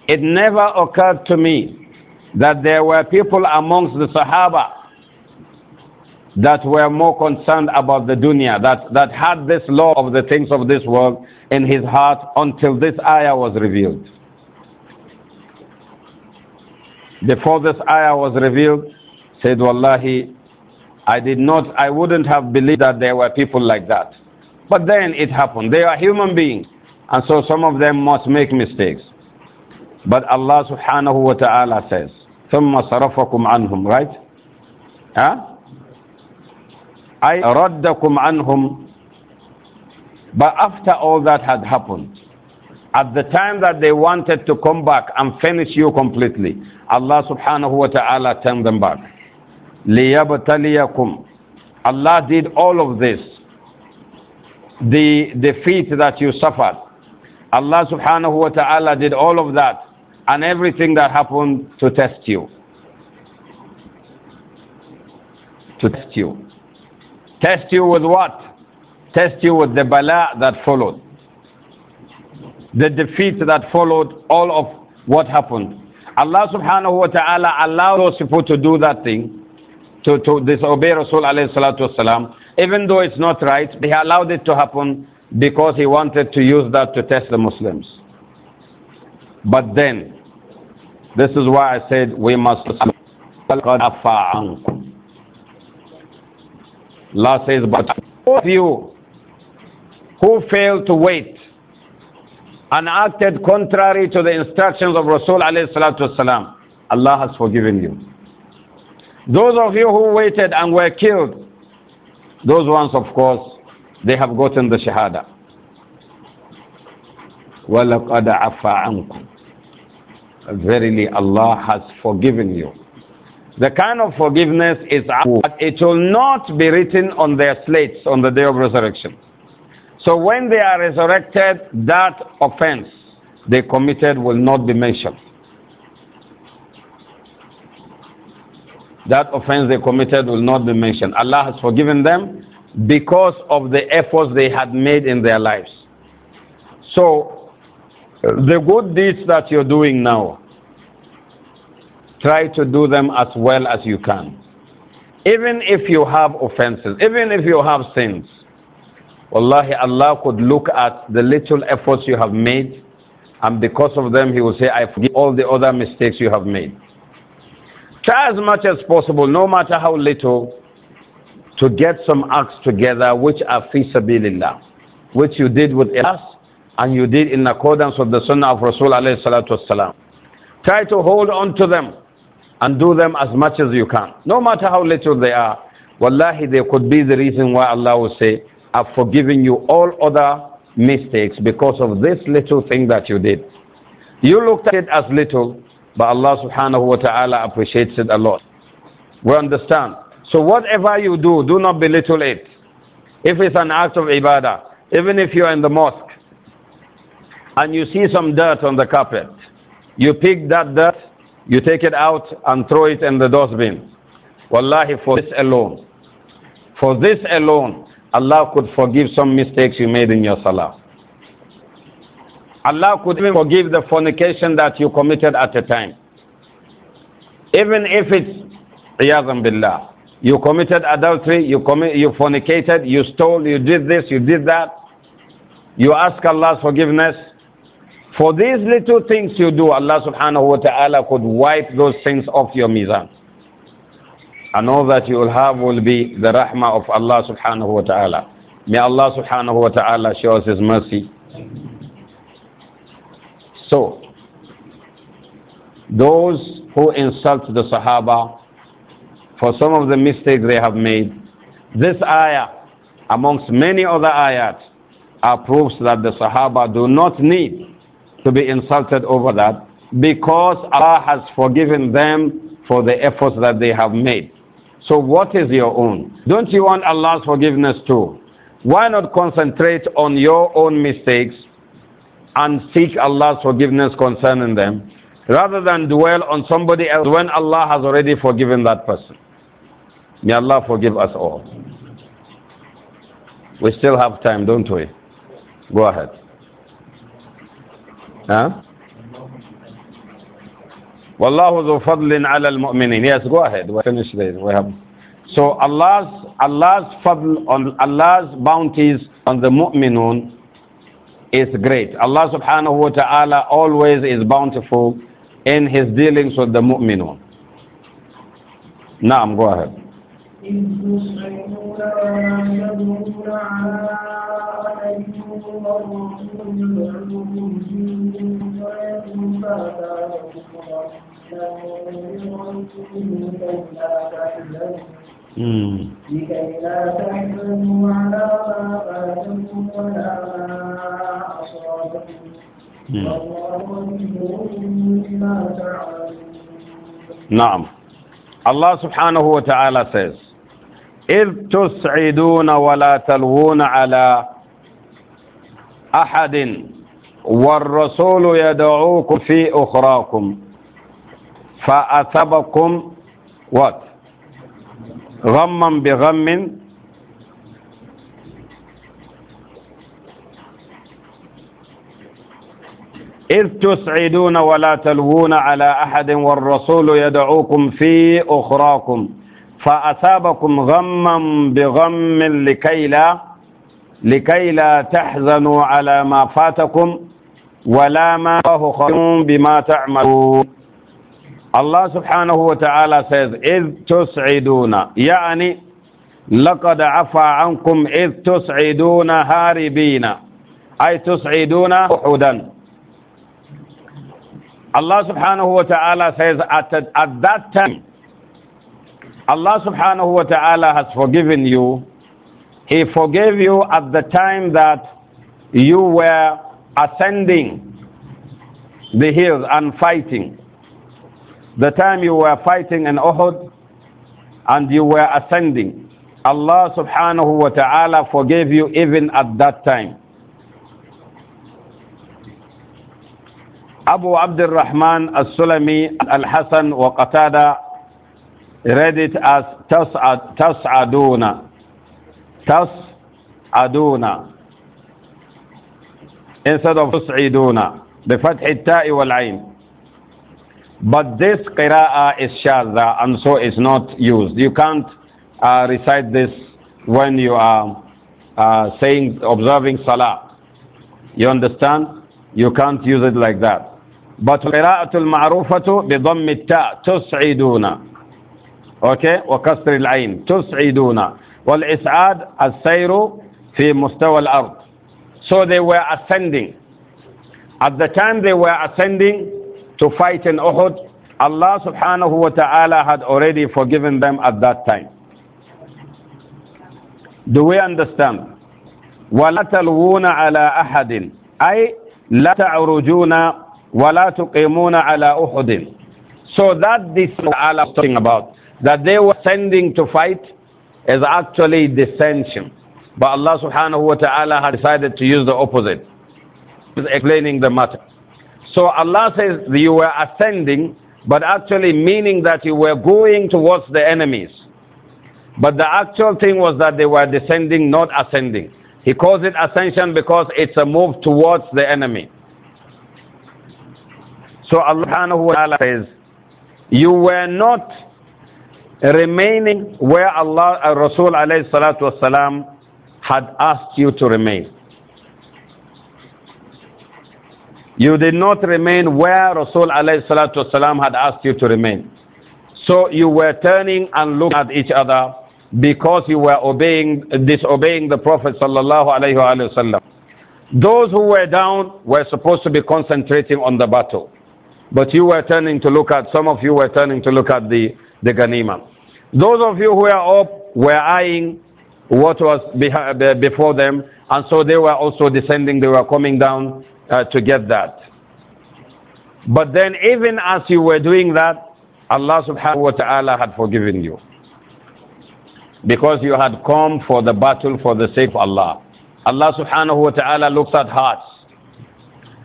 it never occurred to me that there were people amongst the Sahaba that were more concerned about the dunya, that, that had this law of the things of this world in his heart until this ayah was revealed. Before this ayah was revealed, said Wallahi, I did not, I wouldn't have believed that there were people like that. But then it happened. They are human beings. And so some of them must make mistakes. But Allah subhanahu wa ta'ala says, ثُمَّ صَرَفَكُمْ عَنْهُمْ Right? Huh? I رَدَّكُمْ عَنْهُمْ But after all that had happened, at the time that they wanted to come back and finish you completely, Allah subhanahu wa ta'ala turned them back. لِيَبْتَلِيَكُمْ Allah did all of this. The defeat that you suffered, Allah subhanahu wa ta'ala did all of that and everything that happened to test you. To test you. Test you with what? Test you with the bala that followed. The defeat that followed all of what happened. Allah subhanahu wa ta'ala allowed those people to do that thing, to, to disobey Rasul alayhi salatu wasalam, even though it's not right, they allowed it to happen because he wanted to use that to test the Muslims. But then, this is why I said we must. Allah says, but of you who failed to wait and acted contrary to the instructions of Rasul alayhi Allah has forgiven you. Those of you who waited and were killed, those ones, of course, they have gotten the shahada. وَلَقَدْ عَفَى عَنْكُمْ Verily Allah has forgiven you. The kind of forgiveness is but it will not be written on their slates on the day of resurrection. So when they are resurrected, that offense they committed will not be mentioned. That offense they committed will not be mentioned. Allah has forgiven them, because of the efforts they had made in their lives. So, the good deeds that you're doing now, try to do them as well as you can. Even if you have offenses, even if you have sins, Wallahi, Allah could look at the little efforts you have made, and because of them, He will say, I forgive all the other mistakes you have made. Try as much as possible, no matter how little, to get some acts together which are in sabilillah, which you did with us and you did in accordance with the sunnah of Rasul alayhi salatu wasalam. Try to hold on to them and do them as much as you can. No matter how little they are, wallahi, they could be the reason why Allah will say, I've forgiven you all other mistakes because of this little thing that you did. You looked at it as little, but Allah subhanahu wa ta'ala appreciates it a lot. We understand so whatever you do, do not belittle it. If it's an act of ibadah, even if you're in the mosque and you see some dirt on the carpet, you pick that dirt, you take it out and throw it in the dustbin. Wallahi, for this alone, for this alone, Allah could forgive some mistakes you made in your salah. Allah could even forgive the fornication that you committed at a time. Even if it's, Iyazan Billah, you committed adultery, you, commi- you fornicated, you stole, you did this, you did that. You ask Allah's forgiveness. For these little things you do, Allah subhanahu wa ta'ala could wipe those things off your mizan. And all that you will have will be the rahmah of Allah subhanahu wa ta'ala. May Allah subhanahu wa ta'ala show us His mercy. So, those who insult the Sahaba for some of the mistakes they have made. This ayah, amongst many other ayat, are proofs that the Sahaba do not need to be insulted over that because Allah has forgiven them for the efforts that they have made. So, what is your own? Don't you want Allah's forgiveness too? Why not concentrate on your own mistakes and seek Allah's forgiveness concerning them rather than dwell on somebody else when Allah has already forgiven that person? May Allah forgive us all. We still have time, don't we? Go ahead. Huh? Wallahu ذو فضل على المؤمنين. Yes, go ahead. We finish this. We have. So Allah's Allah's fadl on Allah's bounties on the mu'minun is great. Allah subhanahu wa ta'ala always is bountiful in his dealings with the mu'minun. Naam, go ahead. إذ تصعدون وما يدعون على أيكم الرسول يدعوكم في فيكم فلا لكي لا تحزنوا على ما فاتكم ولا ما أصابكم والله خبير بما تعملون نعم Allah subhanahu wa ta'ala says إذ تسعدون ولا تلوون على أحد والرسول يدعوكم في أخراكم فأثبكم وات غما بغم إذ تسعدون ولا تلوون على أحد والرسول يدعوكم في أخراكم فأصابكم غما بغم لكي لا لكي لا تحزنوا على ما فاتكم ولا ما الله خير بما تعملون الله سبحانه وتعالى says إذ تسعدون يعني لقد عفى عنكم إذ تسعدون هاربين أي تسعدون أحدا الله سبحانه وتعالى says at, at that time Allah subhanahu wa ta'ala has forgiven you. He forgave you at the time that you were ascending the hills and fighting. The time you were fighting in Uhud and you were ascending. Allah subhanahu wa ta'ala forgave you even at that time. Abu Abdurrahman al-Sulami al-Hasan wa Qatada read it as tas'aduna. Tas'aduna. Instead of tus'iduna. بفتح التاء والعين. But this qira'ah is shadha and so it's not used. You can't uh, recite this when you are uh, saying, observing salah. You understand? You can't use it like that. But qira'atul ma'rufatu bi dhammi ta' tus'iduna. أوكي وكسر العين تسعدون والإسعاد السير في مستوى الأرض so they were ascending at the time they were ascending to fight in Uhud Allah subhanahu wa ta'ala had already forgiven them at that time do we understand ولا تلوون على أحد أي لا تعرجون ولا تقيمون على أحد so that this is what Allah is talking about that they were sending to fight is actually dissension. But Allah subhanahu wa ta'ala had decided to use the opposite, explaining the matter. So Allah says you were ascending, but actually meaning that you were going towards the enemies. But the actual thing was that they were descending, not ascending. He calls it ascension because it's a move towards the enemy. So Allah subhanahu wa ta'ala says, You were not remaining where Allah uh, Rasul alayhi salatu wasalam had asked you to remain. You did not remain where Rasul alayhi salatu wasalam had asked you to remain. So you were turning and looking at each other because you were obeying, disobeying the Prophet sallallahu alayhi wasallam. Those who were down were supposed to be concentrating on the battle. But you were turning to look at, some of you were turning to look at the the ghanima. Those of you who were up were eyeing what was before them, and so they were also descending, they were coming down uh, to get that. But then, even as you were doing that, Allah subhanahu wa ta'ala had forgiven you. Because you had come for the battle for the sake of Allah. Allah subhanahu wa ta'ala looks at hearts.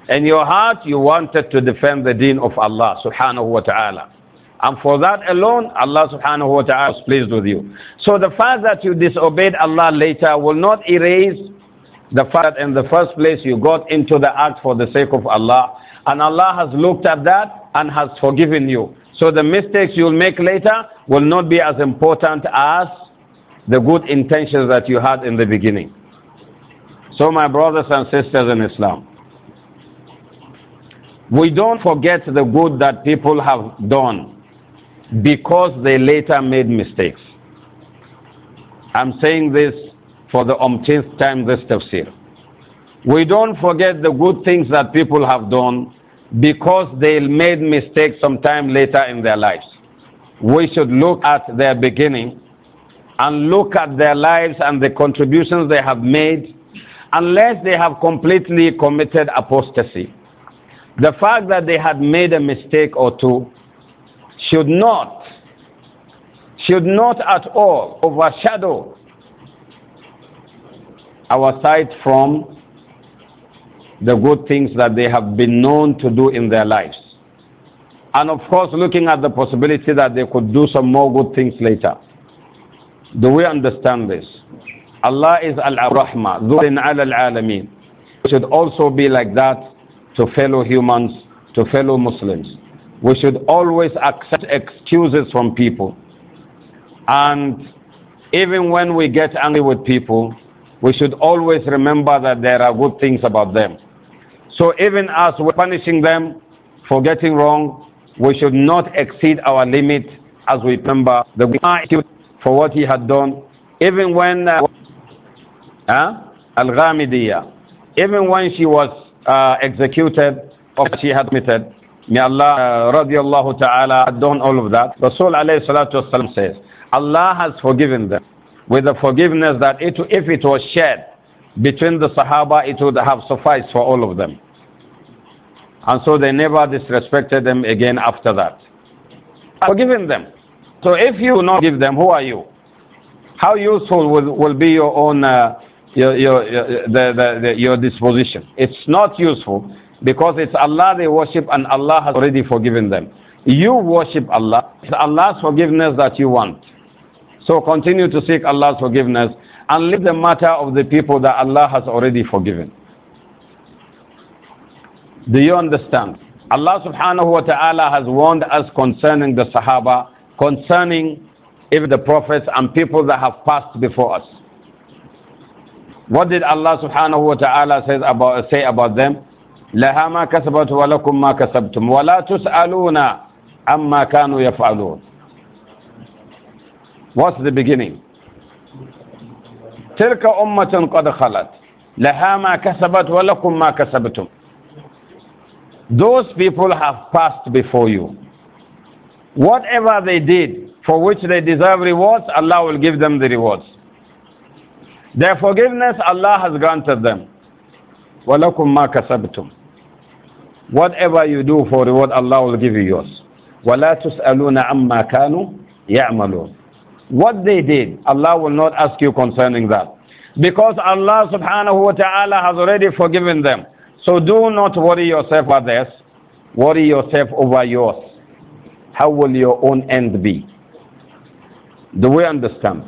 In your heart, you wanted to defend the deen of Allah subhanahu wa ta'ala. And for that alone, Allah subhanahu wa ta'ala is pleased with you. So the fact that you disobeyed Allah later will not erase the fact that in the first place you got into the act for the sake of Allah. And Allah has looked at that and has forgiven you. So the mistakes you'll make later will not be as important as the good intentions that you had in the beginning. So, my brothers and sisters in Islam, we don't forget the good that people have done because they later made mistakes. I'm saying this for the umpteenth time this tafsir. We don't forget the good things that people have done because they made mistakes sometime later in their lives. We should look at their beginning and look at their lives and the contributions they have made unless they have completely committed apostasy. The fact that they had made a mistake or two should not, should not at all overshadow our sight from the good things that they have been known to do in their lives. And of course, looking at the possibility that they could do some more good things later. Do we understand this? Allah is Al-Rahma, Dhulin al-Alameen. We should also be like that to fellow humans, to fellow Muslims. We should always accept excuses from people. And even when we get angry with people, we should always remember that there are good things about them. So even as we're punishing them for getting wrong, we should not exceed our limit as we remember the for what he had done. Even when uh, Al Ghamidiyya, even when she was uh, executed or she had committed, May Allah uh, radiallahu ta'ala adorn all of that. Rasul alayhi salatu wasalam says, Allah has forgiven them with the forgiveness that it, if it was shared between the Sahaba, it would have sufficed for all of them. And so they never disrespected them again after that. Forgiving them. So if you not give them, who are you? How useful will, will be your own, uh, your, your, your, the, the, the, your disposition? It's not useful because it's Allah they worship and Allah has already forgiven them. You worship Allah. It's Allah's forgiveness that you want. So continue to seek Allah's forgiveness and leave the matter of the people that Allah has already forgiven. Do you understand? Allah subhanahu wa ta'ala has warned us concerning the Sahaba, concerning if the prophets and people that have passed before us. What did Allah subhanahu wa ta'ala say about, say about them? لها ما كسبت ولكم ما كسبتم ولا تسألون عما كانوا يفعلون What's the beginning? تلك أمة قد خلت لها ما كسبت ولكم ما كسبتم Those people have passed before you. Whatever they did for which they deserve rewards, Allah will give them the rewards. Their forgiveness Allah has granted them. وَلَكُمْ مَا كَسَبْتُمْ Whatever you do for reward, Allah will give you yours. وَلَا تُسْأَلُونَ عَمَّا كَانُوا يَعْمَلُونَ What they did, Allah will not ask you concerning that. Because Allah subhanahu wa ta'ala has already forgiven them. So do not worry yourself about this. Worry yourself over yours. How will your own end be? Do we understand?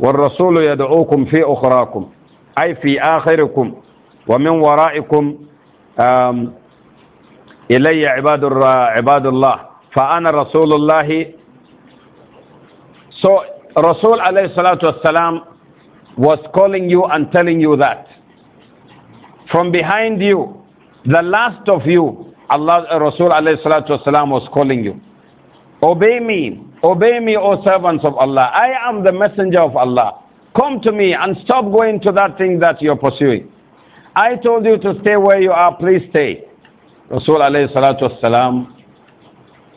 والرسول يدعوكم في أخراكم أي في آخركم ومن ورائكم um, إلي عباد, عباد الله فأنا رسول الله So Rasul alayhi salatu was calling you and telling you that. From behind you, the last of you, Allah رسول عليه الصلاة والسلام was calling you. Obey me, obey me, O servants of Allah. I am the messenger of Allah. Come to me and stop going to that thing that you're pursuing. I told you to stay where you are, please stay. Rasul alayhi salatu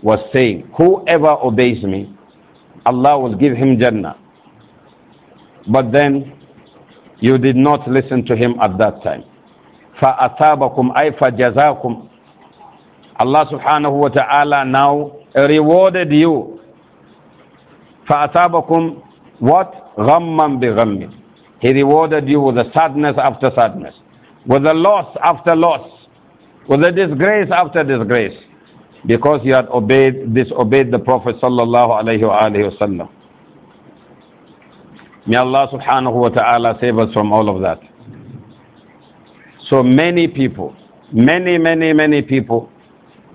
was saying, whoever obeys me, Allah will give him Jannah. But then you did not listen to him at that time. فَأَثَابَكُمْ أَيْ فَجَزَاكُمْ Allah subhanahu wa ta'ala now rewarded you. فَأَثَابَكُمْ what? غَمًّا بِغَمٍّ He rewarded you with the sadness after sadness, with a loss after loss with the disgrace after disgrace because he had obeyed, disobeyed the Prophet sallallahu May Allah subhanahu wa ta'ala save us from all of that. So many people, many, many, many people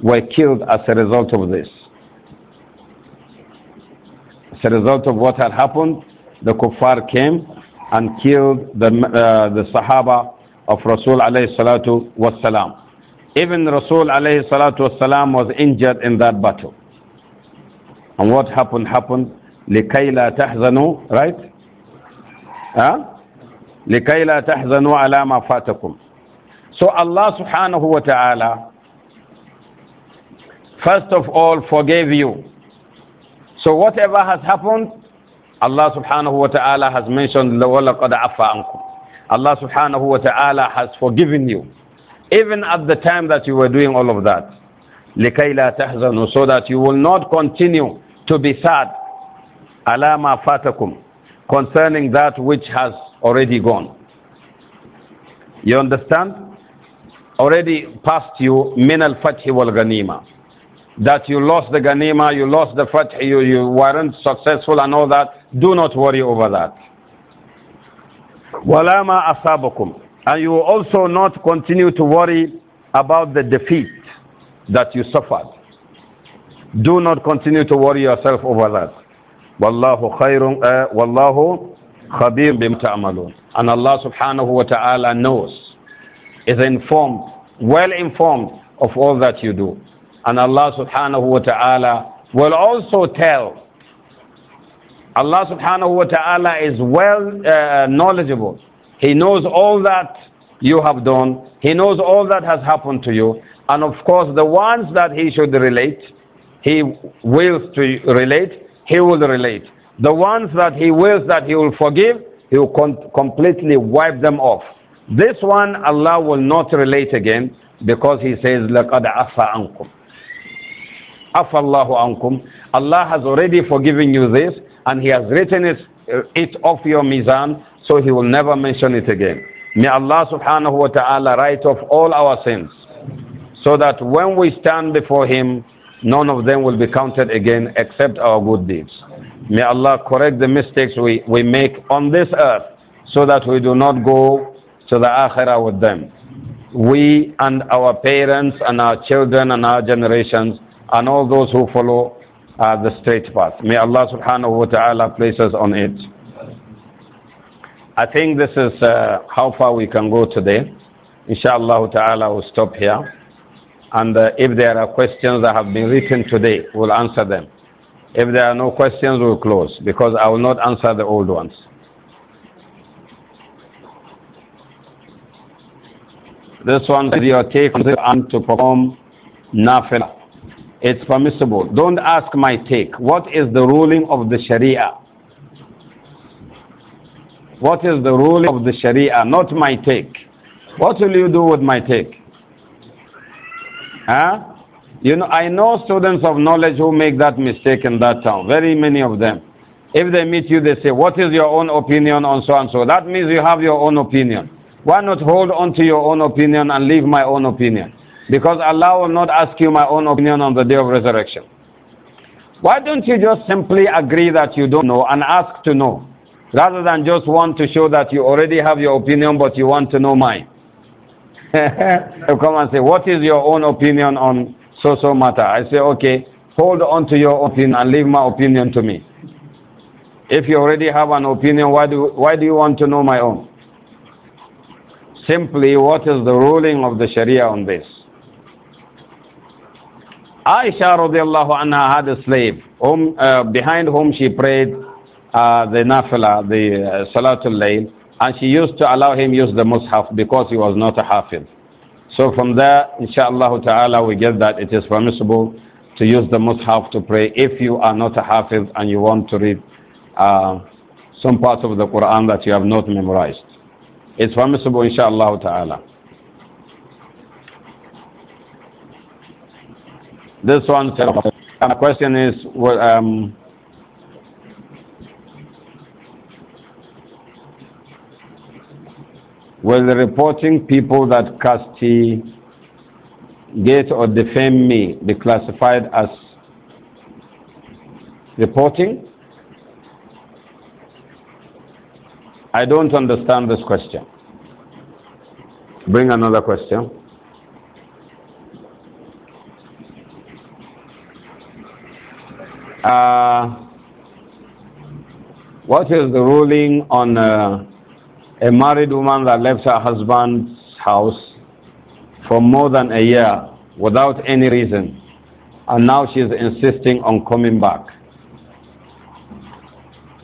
were killed as a result of this. As a result of what had happened, the kuffar came and killed the, uh, the Sahaba of Rasul alayhi salatu was salam. Even Rasul alayhi salatu wasalam was injured in that battle. And what happened? Happened. لكيلا تَحْزَنُوا Right? Huh? لكيلا تَحْزَنُوا عَلَى مَا فَاتَكُمْ So Allah subhanahu wa ta'ala first of all forgave you. So whatever has happened, Allah subhanahu wa ta'ala has mentioned لَوَلَقَدْ عَفَا عنكم. Allah subhanahu wa ta'ala has forgiven you even at the time that you were doing all of that. لِكَيْ تَحْزَنُوا So that you will not continue to be sad. عَلَى مَا فَاتَكُمْ Concerning that which has already gone. You understand? Already past you, min al-fathi wal ganima, That you lost the ganima, you lost the fath, you, you weren't successful and all that. Do not worry over that. وَلَا مَا أَصَابَكُمْ and you will also not continue to worry about the defeat that you suffered. Do not continue to worry yourself over that. Wallahu khairun, uh, wallahu khabir bim ta'amalun. And Allah subhanahu wa ta'ala knows, is informed, well informed of all that you do. And Allah subhanahu wa ta'ala will also tell. Allah subhanahu wa ta'ala is well uh, knowledgeable he knows all that you have done. He knows all that has happened to you. And of course, the ones that he should relate, he wills to relate, he will relate. The ones that he wills that he will forgive, he will com completely wipe them off. This one, Allah will not relate again because he says, لَقَدْ عَفَى عَنْكُمْ عَفَى اللَّهُ عَنْكُمْ Allah has already forgiven you this and he has written it, uh, it off your mizan so he will never mention it again. May Allah subhanahu wa ta'ala write off all our sins so that when we stand before him, none of them will be counted again except our good deeds. May Allah correct the mistakes we, we make on this earth so that we do not go to the akhirah with them. We and our parents and our children and our generations and all those who follow uh, the straight path. May Allah subhanahu wa ta'ala place us on it. I think this is uh, how far we can go today. Inshallah ta'ala, we'll stop here. And uh, if there are questions that have been written today, we'll answer them. If there are no questions, we'll close because I will not answer the old ones. This one is your take on and to perform nafila. It's permissible. Don't ask my take. What is the ruling of the Sharia? What is the ruling of the Sharia, not my take? What will you do with my take? Huh? You know, I know students of knowledge who make that mistake in that town, very many of them. If they meet you, they say, What is your own opinion on so and so? That means you have your own opinion. Why not hold on to your own opinion and leave my own opinion? Because Allah will not ask you my own opinion on the day of resurrection. Why don't you just simply agree that you don't know and ask to know? Rather than just want to show that you already have your opinion but you want to know mine. [LAUGHS] come and say, What is your own opinion on so so matter? I say, Okay, hold on to your opinion and leave my opinion to me. If you already have an opinion, why do, why do you want to know my own? Simply, what is the ruling of the Sharia on this? Aisha radiallahu anha had a slave whom, uh, behind whom she prayed uh, the nafila, the uh, salatul layl, and she used to allow him use the mushaf because he was not a hafiz. So from there, inshallah ta'ala, we get that it is permissible to use the mushaf to pray if you are not a hafiz and you want to read uh, some part of the Quran that you have not memorized. It's permissible, inshallah ta'ala. This one, the question is, what? um, was reporting people that castigate or defame me be classified as reporting? I don't understand this question. Bring another question. Uh, what is the ruling on uh, a married woman that left her husband's house for more than a year without any reason, and now she is insisting on coming back.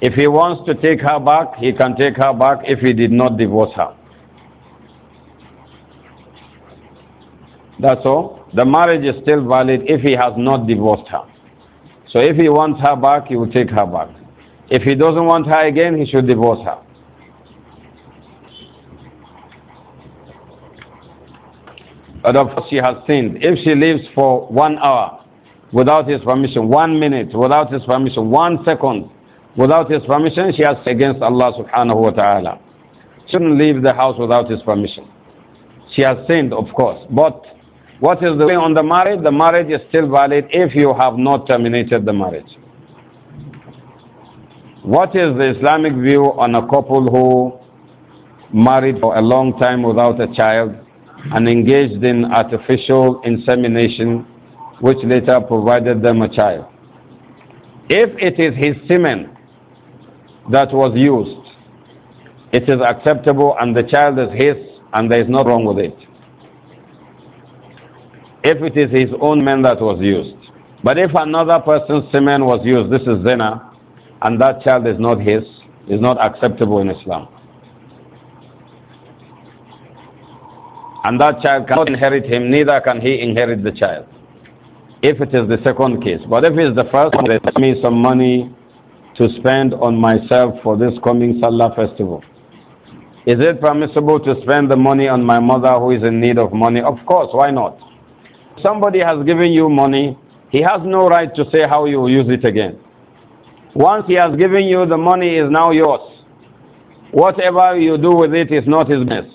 If he wants to take her back, he can take her back if he did not divorce her. That's all. The marriage is still valid if he has not divorced her. So if he wants her back, he will take her back. If he doesn't want her again, he should divorce her. that she has sinned, if she lives for one hour without his permission, one minute without his permission, one second without his permission, she has against Allah subhanahu wa ta'ala. Shouldn't leave the house without his permission. She has sinned, of course. But what is the way on the marriage? The marriage is still valid if you have not terminated the marriage. What is the Islamic view on a couple who married for a long time without a child? and engaged in artificial insemination, which later provided them a child. If it is his semen that was used, it is acceptable and the child is his and there is no wrong with it. If it is his own semen that was used. But if another person's semen was used, this is zina, and that child is not his, is not acceptable in Islam. and that child cannot inherit him, neither can he inherit the child. If it is the second case. But if it's the first one, let me some money to spend on myself for this coming Salah festival. Is it permissible to spend the money on my mother who is in need of money? Of course, why not? Somebody has given you money, he has no right to say how you use it again. Once he has given you the money is now yours. Whatever you do with it is not his business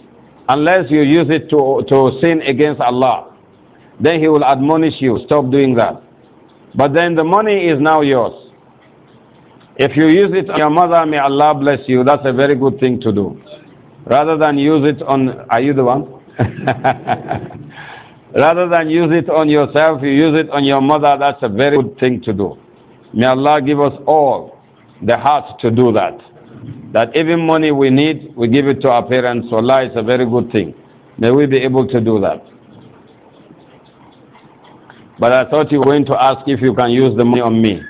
unless you use it to, to sin against Allah. Then He will admonish you, stop doing that. But then the money is now yours. If you use it on your mother, may Allah bless you, that's a very good thing to do. Rather than use it on, are you the one? [LAUGHS] Rather than use it on yourself, you use it on your mother, that's a very good thing to do. May Allah give us all the heart to do that. That even money we need, we give it to our parents. Allah is a very good thing. May we be able to do that. But I thought you were going to ask if you can use the money on me.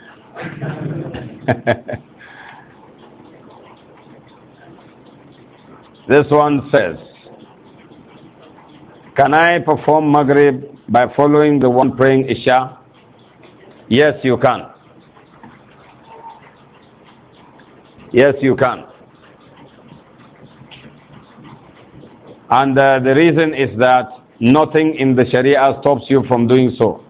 [LAUGHS] this one says, Can I perform Maghrib by following the one praying Isha? Yes, you can. Yes, you can. And uh, the reason is that nothing in the Sharia stops you from doing so.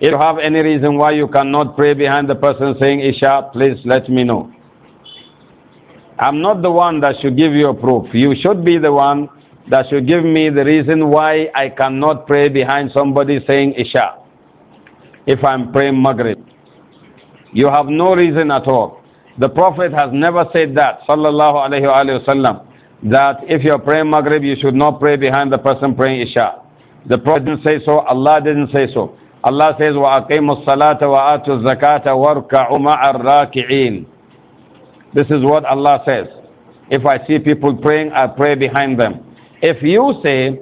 If you have any reason why you cannot pray behind the person saying Isha, please let me know. I'm not the one that should give you a proof. You should be the one that should give me the reason why I cannot pray behind somebody saying Isha if I'm praying Maghrib. You have no reason at all. The Prophet has never said that, sallallahu alayhi wa sallam, that if you're praying Maghrib, you should not pray behind the person praying Isha. The Prophet didn't say so, Allah didn't say so. Allah says, وَأَقِيمُوا الصَّلَاةَ وَآتُوا الزَّكَاةَ وَارْكَعُوا مَعَ الرَّاكِعِينَ This is what Allah says. If I see people praying, I pray behind them. If you say,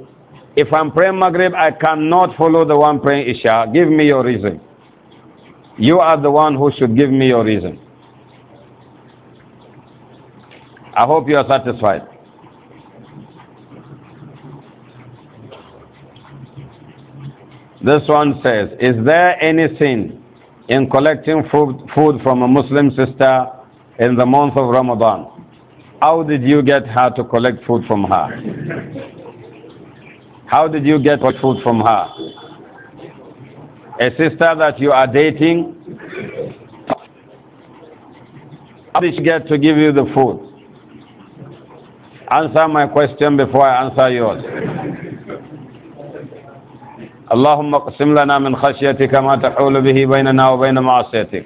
if I'm praying Maghrib, I cannot follow the one praying Isha, give me your reason. You are the one who should give me your reason. I hope you are satisfied. This one says, Is there any sin in collecting food, food from a Muslim sister in the month of Ramadan? How did you get her to collect food from her? How did you get food from her? A sister that you are dating? How did she get to give you the food? Answer my question before I answer yours. اللهم اقسم لنا من خشيتك ما تحول به بيننا وبين معصيتك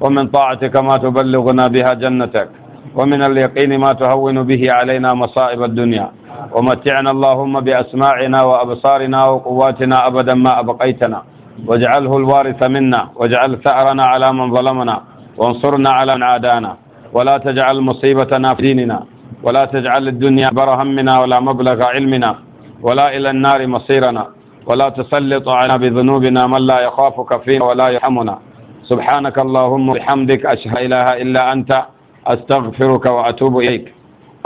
ومن طاعتك ما تبلغنا بها جنتك ومن اليقين ما تهون به علينا مصائب الدنيا ومتعنا اللهم بأسماعنا وأبصارنا وقواتنا أبدا ما أبقيتنا واجعله الوارث منا واجعل ثأرنا على من ظلمنا وانصرنا على من عادانا ولا تجعل مصيبتنا في ديننا ولا تجعل الدنيا أكبر همنا ولا مبلغ علمنا ولا إلى النار مصيرنا ولا تسلط علينا بذنوبنا من لا يخافك فينا ولا يرحمنا سبحانك اللهم وبحمدك أشهد أن لا إله إلا أنت أستغفرك وأتوب إليك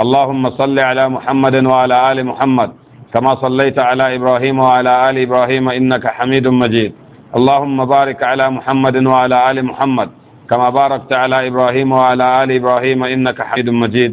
اللهم صل على محمد وعلى آل محمد كما صليت على إبراهيم وعلى آل إبراهيم إنك حميد مجيد اللهم بارك على محمد وعلى آل محمد كما باركت على إبراهيم وعلى آل إبراهيم إنك حميد مجيد